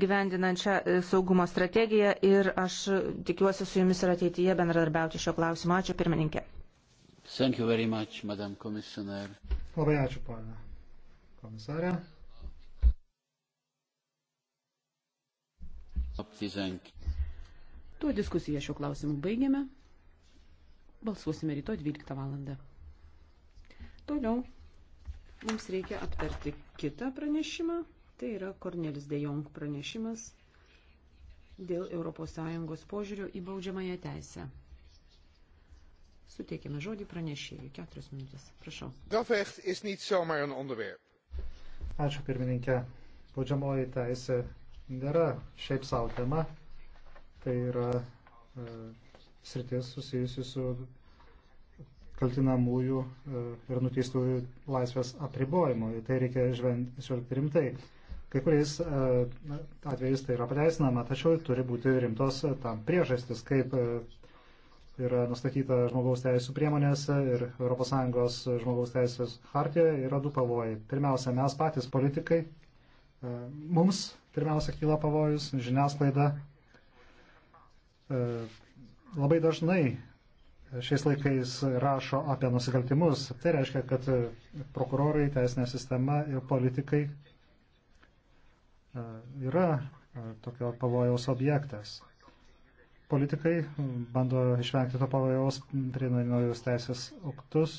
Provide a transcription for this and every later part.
gyvendinančią e, saugumo strategiją ir aš tikiuosi su jumis ir ateityje bendradarbiauti šio klausimo. Ačiū pirmininkė. Much, Labai ačiū, pana komisarė. Tuo diskusiją šiuo klausimu baigėme. Balsuosime rytoj 12 val. Toliau mums reikia aptarti kitą pranešimą. Tai yra Kornelis de Jong pranešimas dėl ES požiūrio į baudžiamąją teisę. Suteikime žodį pranešėjui. Keturias minutės. Prašau. Strafrecht is niet zomaar een onderwerp. Ačiū pirmininkė. Baudžiamoji teisė nėra šiaip savo tema. Tai yra e, sritis susijusi su kaltinamųjų e, ir nuteistųjų laisvės apribojimu. Tai reikia žvelgti rimtai. Kai kuriais e, atvejais tai yra pateisinama, tačiau turi būti rimtos e, tam priežastis, kaip e, yra nustatyta žmogaus teisų priemonėse ir ES žmogaus teisės hartijoje yra du pavojai. Pirmiausia, mes patys politikai, mums pirmiausia kyla pavojus, žiniasklaida labai dažnai šiais laikais rašo apie nusikaltimus. Tai reiškia, kad prokurorai, teisinė sistema ir politikai E, yra e, tokio pavojaus objektas. Politikai bando išvengti to pavojaus, prieinami naujus teisės aktus,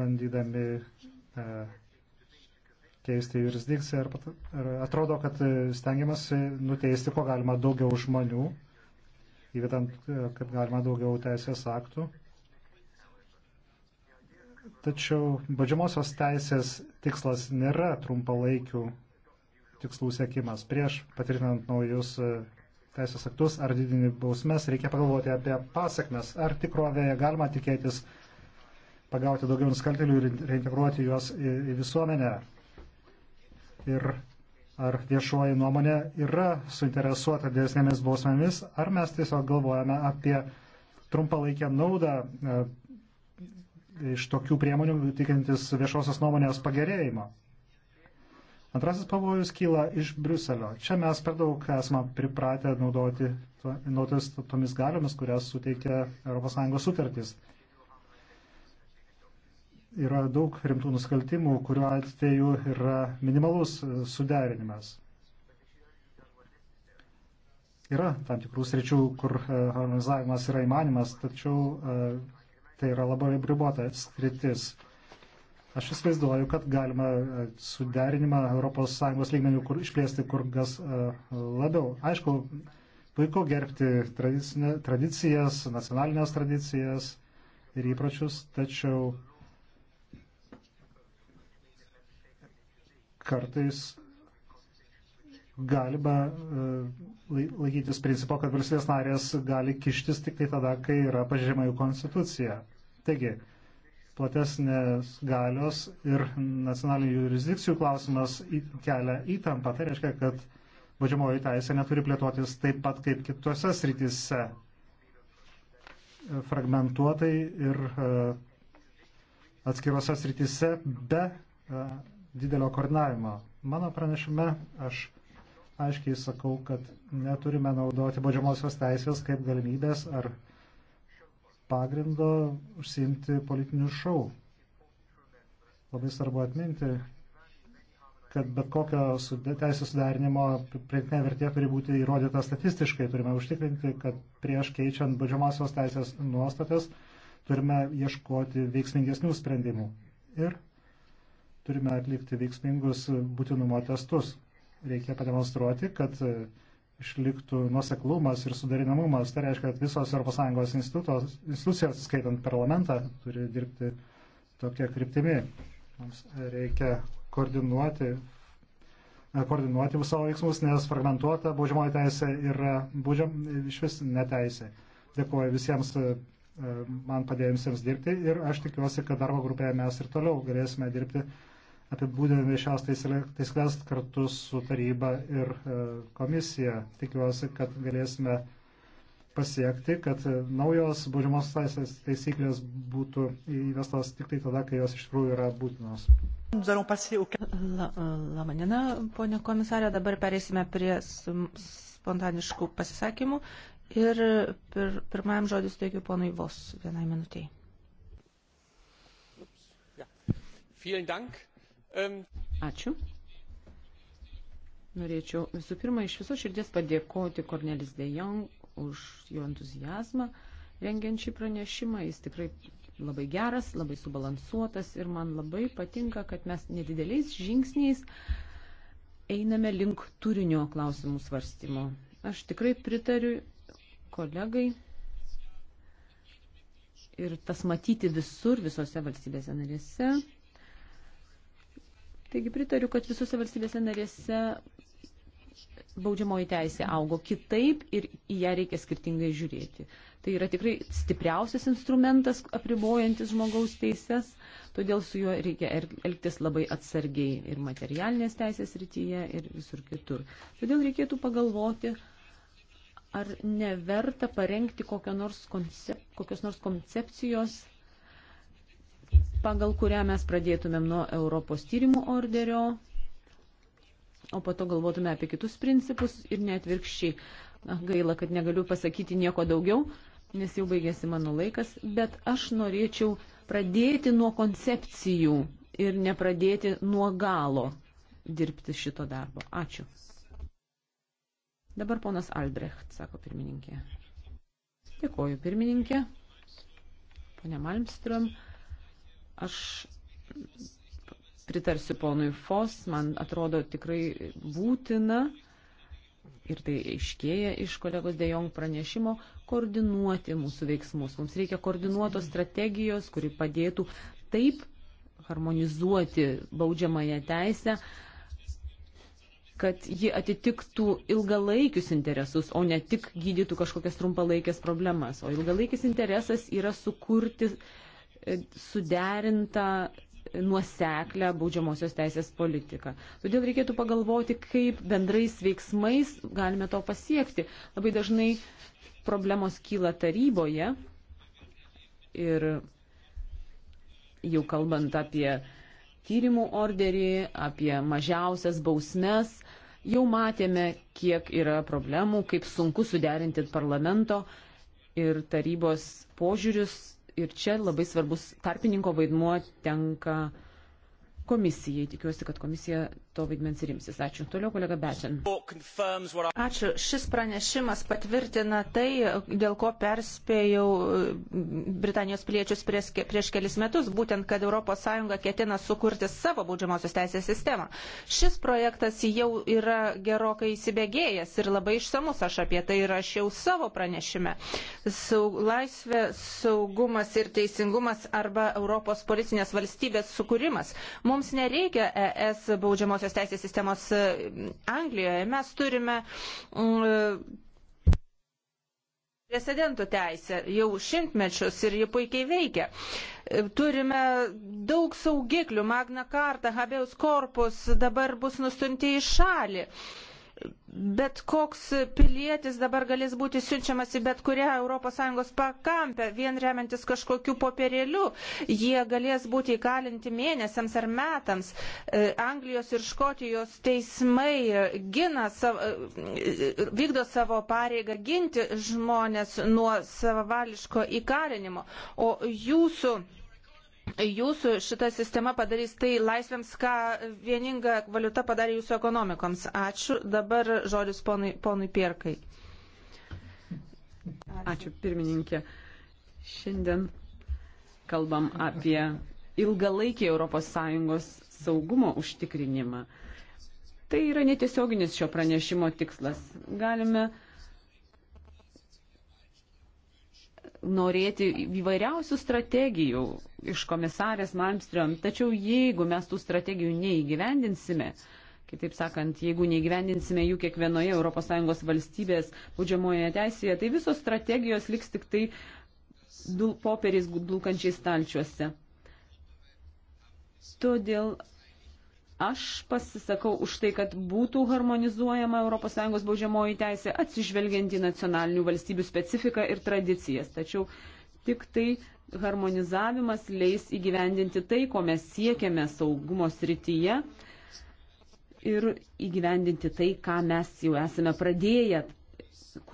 bandydami e, keisti jurisdikciją. Ir, ir atrodo, kad stengiamasi nuteisti, ko galima daugiau žmonių, įvedant, e, kad galima daugiau teisės aktų. Tačiau badžiamosios teisės tikslas nėra trumpalaikių tikslų sėkimas. Prieš patvirtinant naujus e, teisės aktus ar didinį bausmes, reikia pagalvoti apie pasakmes. Ar tikrovėje galima tikėtis pagauti daugiau nusikaltėlių ir reintegruoti juos į, į visuomenę? Ir ar viešuoji nuomonė yra suinteresuota didesnėmis bausmėmis, ar mes tiesiog galvojame apie trumpalaikę naudą e, iš tokių priemonių tikintis viešosios nuomonės pagerėjimo. Antrasis pavojus kyla iš Briuselio. Čia mes per daug esame pripratę naudoti naudotis tomis galiomis, kurias suteikia ES sutartys. Yra daug rimtų nusikaltimų, kuriuo atveju yra minimalus suderinimas. Yra tam tikrų sričių, kur e, harmonizavimas yra įmanimas, tačiau e, tai yra labai apribuota skritis. Aš įsivaizduoju, kad galima e, suderinimą ES lygmenių kur, išplėsti kur kas e, labiau. Aišku, puiku gerbti tradicijas, nacionalinės tradicijas ir įpročius, tačiau kartais galima e, laikytis principo, kad valstybės narės gali kištis tik tai tada, kai yra pažymai konstitucija. Taigi, platesnės galios ir nacionalinių jurisdikcijų klausimas kelia įtampą. Tai reiškia, kad vadžiamoji teisė neturi plėtotis taip pat kaip kitose srityse fragmentuotai ir e, atskirose srityse be e, didelio koordinavimo. Mano pranešime aš aiškiai sakau, kad neturime naudoti baudžiamosios teisės kaip galimybės ar pagrindo užsiimti politinių šau. Labai svarbu atminti, kad bet kokio teisės sudarinimo priektinė vertė turi būti įrodyta statistiškai. Turime užtikrinti, kad prieš keičiant baudžiamosios teisės nuostatas turime ieškoti veiksmingesnių sprendimų. Ir turime atlikti veiksmingus būtinumo testus. Reikia pademonstruoti, kad išliktų nuseklumas ir sudarinamumas. Tai reiškia, kad visos ES institucijos, skaitant parlamentą, turi dirbti tokia kryptimi. Mums reikia koordinuoti, koordinuoti savo veiksmus, nes fragmentuota baudžiamoji teisė yra baudžiam, iš vis neteisė. Dėkuoju visiems e, man padėjusiems dirbti ir aš tikiuosi, kad darbo grupėje mes ir toliau galėsime dirbti apibūdinami šias taisyklės kartu su taryba ir e, komisija. Tikiuosi, kad galėsime pasiekti, kad naujos baudžiamos teisės taisyklės būtų įvestos tik tai tada, kai jos iš tikrųjų yra būtinos. Lamanina, la, e, ponia komisarė, dabar perėsime prie spontaniškų pasisakymų ir pir, pirmajam žodis teikiu ponui vos vienai minutiai. Ja. Ačiū. Norėčiau visų pirma iš viso širdies padėkoti Kornelis Dejong už jo entuzijazmą rengiant šį pranešimą. Jis tikrai labai geras, labai subalansuotas ir man labai patinka, kad mes nedideliais žingsniais einame link turinio klausimų svarstymo. Aš tikrai pritariu kolegai ir tas matyti visur, visose valstybėse narėse Taigi pritariu, kad visose valstybėse narėse baudžiamoji teisė augo kitaip ir į ją reikia skirtingai žiūrėti. Tai yra tikrai stipriausias instrumentas apribojantis žmogaus teises, todėl su juo reikia elgtis labai atsargiai ir materialinės teisės rytyje ir visur kitur. Todėl reikėtų pagalvoti, ar neverta parengti kokio nors koncep, kokios nors koncepcijos pagal kurią mes pradėtumėm nuo Europos tyrimų orderio, o po to galvotume apie kitus principus ir netvirkščiai. Gaila, kad negaliu pasakyti nieko daugiau, nes jau baigėsi mano laikas, bet aš norėčiau pradėti nuo koncepcijų ir nepradėti nuo galo dirbti šito darbo. Ačiū. Dabar ponas Albrecht, sako pirmininkė. Dėkoju, pirmininkė. Pone Malmström. Aš pritarsiu ponui Fos, man atrodo tikrai būtina, ir tai aiškėja iš kolegos Dejong pranešimo, koordinuoti mūsų veiksmus. Mums reikia koordinuotos strategijos, kuri padėtų taip harmonizuoti baudžiamąją teisę, kad ji atitiktų ilgalaikius interesus, o ne tik gydytų kažkokias trumpalaikės problemas. O ilgalaikis interesas yra sukurti suderintą nuoseklę baudžiamosios teisės politiką. Todėl reikėtų pagalvoti, kaip bendrais veiksmais galime to pasiekti. Labai dažnai problemos kyla taryboje ir jau kalbant apie tyrimų orderį, apie mažiausias bausmes, jau matėme, kiek yra problemų, kaip sunku suderinti parlamento ir tarybos požiūrius ir čia labai svarbus tarpininko vaidmuo tenka komisijai. Tikiuosi, kad komisija to vaidmens ir imsis. Ačiū. Toliau kolega Bečin. Ačiū. Šis pranešimas patvirtina tai, dėl ko perspėjau e, Britanijos piliečius prieš, prieš kelis metus, būtent, kad ES ketina sukurti savo baudžiamosios teisės sistemą. Šis projektas jau yra gerokai įsibėgėjęs ir labai išsamus aš apie tai rašiau savo pranešime. Saug, laisvė, saugumas ir teisingumas arba Europos policinės valstybės sukūrimas. Mums nereikia ES baudžiamosios baudžiamosios teisės sistemos e, Anglijoje. Mes turime mm, e, precedentų teisę jau šimtmečius ir ji puikiai veikia. E, turime daug saugiklių, Magna Carta, Habeus Corpus dabar bus nustumti į šalį. Bet koks pilietis dabar galės būti siunčiamas į bet kurią ES pakampę, vien remiantis kažkokiu popierėliu. Jie galės būti įkalinti mėnesiams ar metams. E, Anglijos ir Škotijos teismai gina, sav, e, vykdo savo pareigą ginti žmonės nuo savavališko įkalinimo. O jūsų jūsų šita sistema padarys tai laisvėms, ką vieninga valiuta padarė jūsų ekonomikoms. Ačiū. Dabar žodis ponui, ponui Pierkai. Ačiū. Ačiū, pirmininkė. Šiandien kalbam apie ilgalaikį ES saugumo užtikrinimą. Tai yra netiesioginis šio pranešimo tikslas. Galime uh, norėti įvairiausių strategijų iš komisarės Malmström, tačiau jeigu mes tų strategijų neįgyvendinsime, kitaip sakant, jeigu neįgyvendinsime jų kiekvienoje ES valstybės baudžiamoje teisėje, tai visos strategijos liks tik tai popieriais blūkančiai stalčiuose. Todėl Aš pasisakau už tai, kad būtų harmonizuojama ES baudžiamoji teisė atsižvelgiant į nacionalinių valstybių specifiką ir tradicijas. Tačiau tik tai harmonizavimas leis įgyvendinti tai, ko mes siekiame saugumo srityje ir įgyvendinti tai, ką mes jau esame pradėję,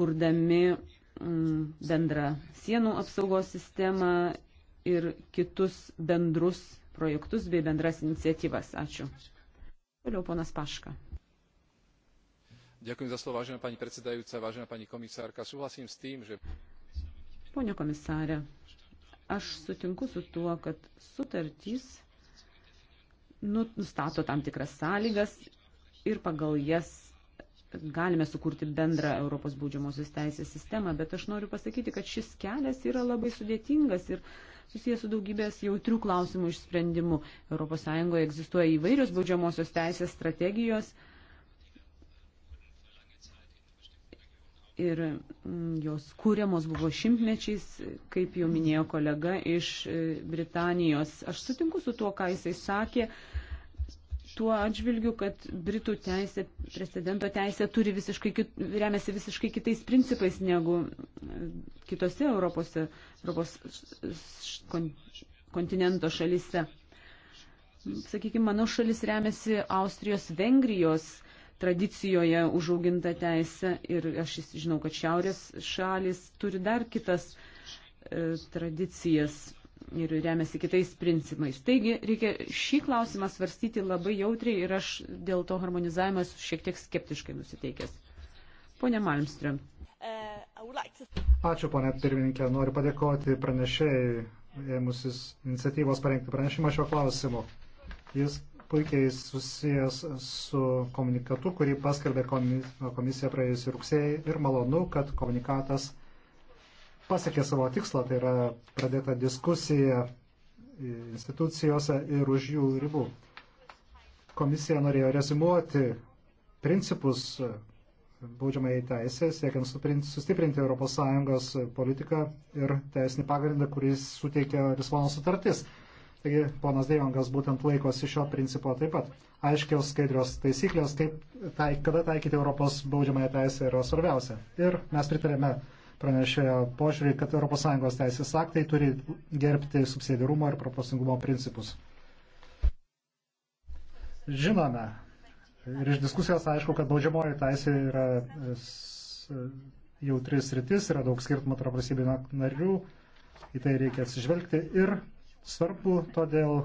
kurdami mm, bendrą sienų apsaugos sistemą ir kitus bendrus projektus bei bendras iniciatyvas. Ačiū. Toliau ponas Paška. Ďakujem za slovo, vážená pani predsedajúca, vážená pani komisárka. Súhlasím s tým, že... Pone komisarė, aš sutinku su tuo, kad sutartys nustato tam tikras sąlygas ir pagal jas kad galime sukurti bendrą Europos baudžiamosios teisės sistemą, bet aš noriu pasakyti, kad šis kelias yra labai sudėtingas ir susijęs su daugybės jautrių klausimų išsprendimu. ES egzistuoja įvairios baudžiamosios teisės strategijos ir mm, jos kūriamos buvo šimtmečiais, kaip jau minėjo kolega iš e, Britanijos. Aš sutinku su tuo, ką jisai sakė tuo atžvilgiu, kad Britų teisė, precedento teisė turi visiškai, kit, remiasi visiškai kitais principais negu e, kitose Europose, Europos kon, kontinento šalise. Sakykime, mano šalis remiasi Austrijos, Vengrijos tradicijoje užauginta teisė ir aš žinau, kad šiaurės šalis turi dar kitas e, tradicijas ir remiasi kitais principais. Taigi reikia šį klausimą svarstyti labai jautriai ir aš dėl to harmonizavimas šiek tiek skeptiškai nusiteikęs. Pone Malmström. Ačiū, ponė pirmininkė. Noriu padėkoti pranešėjai, ėmusis iniciatyvos parengti pranešimą šio klausimu. Jis puikiai susijęs su komunikatu, kurį paskelbė komisija praėjusį rugsėjį ir malonu, kad komunikatas pasiekė savo tikslą, tai yra pradėta diskusija institucijose ir už jų ribų. Komisija norėjo rezimuoti principus baudžiamai teisė, siekiant sustiprinti ES politiką ir teisinį pagrindą, kuris suteikia Lisbono sutartis. Taigi ponas Deivangas būtent laikosi šio principo taip pat. Aiškiaus skaidrios taisyklės, kaip, tai, kada taikyti Europos baudžiamąją teisę yra svarbiausia. Ir mes pritarėme pranešėjo požiūrį, kad ES teisės aktai turi gerbti subsidiarumo ir proporcingumo principus. Žinome ir iš diskusijos aišku, kad baudžiamoji teisė yra e, e, jautris rytis, yra daug skirtumų tarp valstybių narių, į tai reikia atsižvelgti ir svarbu todėl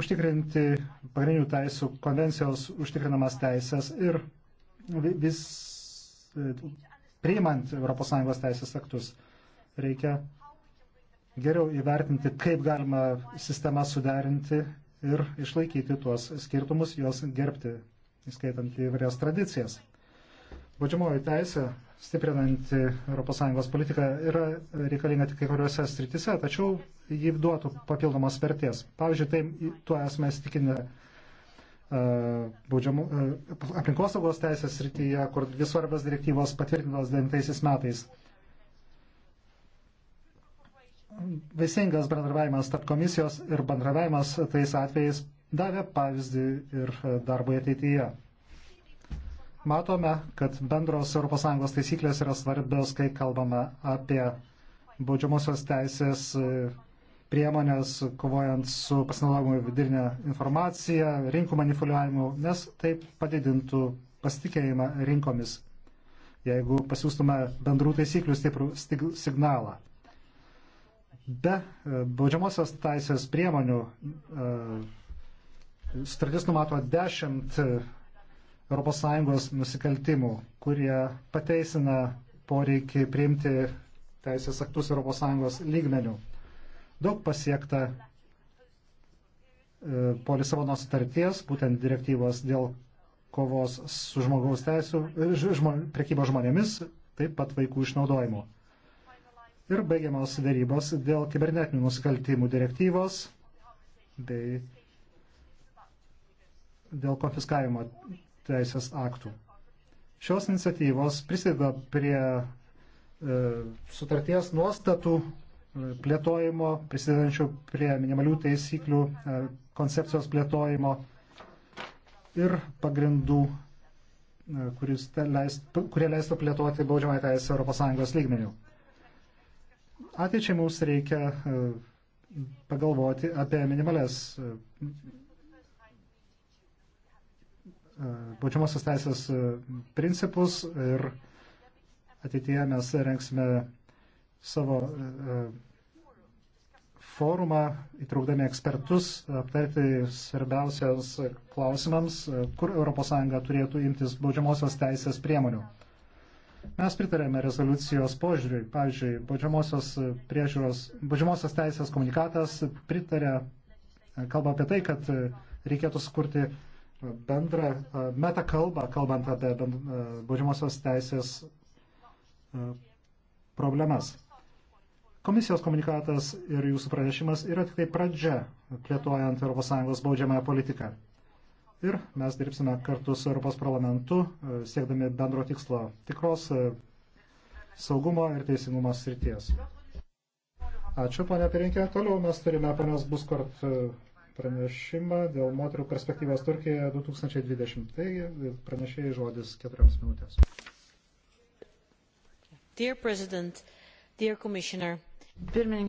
užtikrinti pagrindinių teisų konvencijos užtikrinamas teisės ir vis e, priimant ES teisės aktus. Reikia geriau įvertinti, kaip galima sistemą suderinti ir išlaikyti tuos skirtumus, juos gerbti, įskaitant įvairias tradicijas. Baudžiamoji teisė, stiprinanti ES politiką, yra reikalinga tik kai kuriuose sritise, tačiau jį duotų papildomos vertės. Pavyzdžiui, tai tuo esame įsitikinę E, baudžiamų, e, aplinkosaugos teisės srityje, kur dvi svarbios direktyvos patvirtintos 9 metais. Vaisingas bendradarbiavimas tarp komisijos ir bendradarbiavimas tais atvejais davė pavyzdį ir darbo ateityje. Matome, kad bendros ES taisyklės yra svarbios, kai kalbame apie baudžiamosios teisės priemonės kovojant su pasinaudojimu vidurinė informacija, rinkų manipuliavimu, nes taip padidintų pasitikėjimą rinkomis, jeigu pasiūstume bendrų taisyklių stiprų signalą. Be e, baudžiamosios taisės priemonių e, sutartis numato 10 e, ES nusikaltimų, kurie pateisina poreikį priimti teisės aktus ES lygmenių. Daug pasiekta e, po Lisabono sutarties, būtent direktyvos dėl kovos su žmogaus teisų, e, žmo, prekybo žmonėmis, taip pat vaikų išnaudojimu. Ir baigiamos darybos dėl kibernetinių nusikaltimų direktyvos bei dėl konfiskavimo teisės aktų. Šios iniciatyvos prisideda prie e, sutarties nuostatų plėtojimo, prisidedančių prie minimalių taisyklių e, koncepcijos plėtojimo ir pagrindų, e, leist, kurie leistų plėtoti baudžiamą teisę ES lygmenių. Ateičiai mums reikia e, pagalvoti apie minimalės baudžiamosios teisės principus ir ateityje mes rengsime savo e, e, forumą, įtraukdami ekspertus, aptarti svarbiausias klausimams, e, kur ES turėtų imtis baudžiamosios teisės priemonių. Mes pritarėme rezoliucijos požiūriui. Pavyzdžiui, baudžiamosios, baudžiamosios teisės komunikatas pritarė, kalba apie tai, kad reikėtų sukurti bendrą meta kalbą, kalbant apie baudžiamosios teisės problemas. Komisijos komunikatas ir jūsų pranešimas yra tik tai pradžia plėtojant ES baudžiamąją politiką. Ir mes dirbsime kartu su Europos parlamentu, e, siekdami bendro tikslo tikros e, saugumo ir teisingumo srities. Ačiū, ponia Pirinkė. Toliau mes turime ponios Buskort e, pranešimą dėl moterų perspektyvos Turkijoje 2020. Taigi pranešėjai žodis keturiams minutės. Dear President, dear Commissioner, Pirmininkas.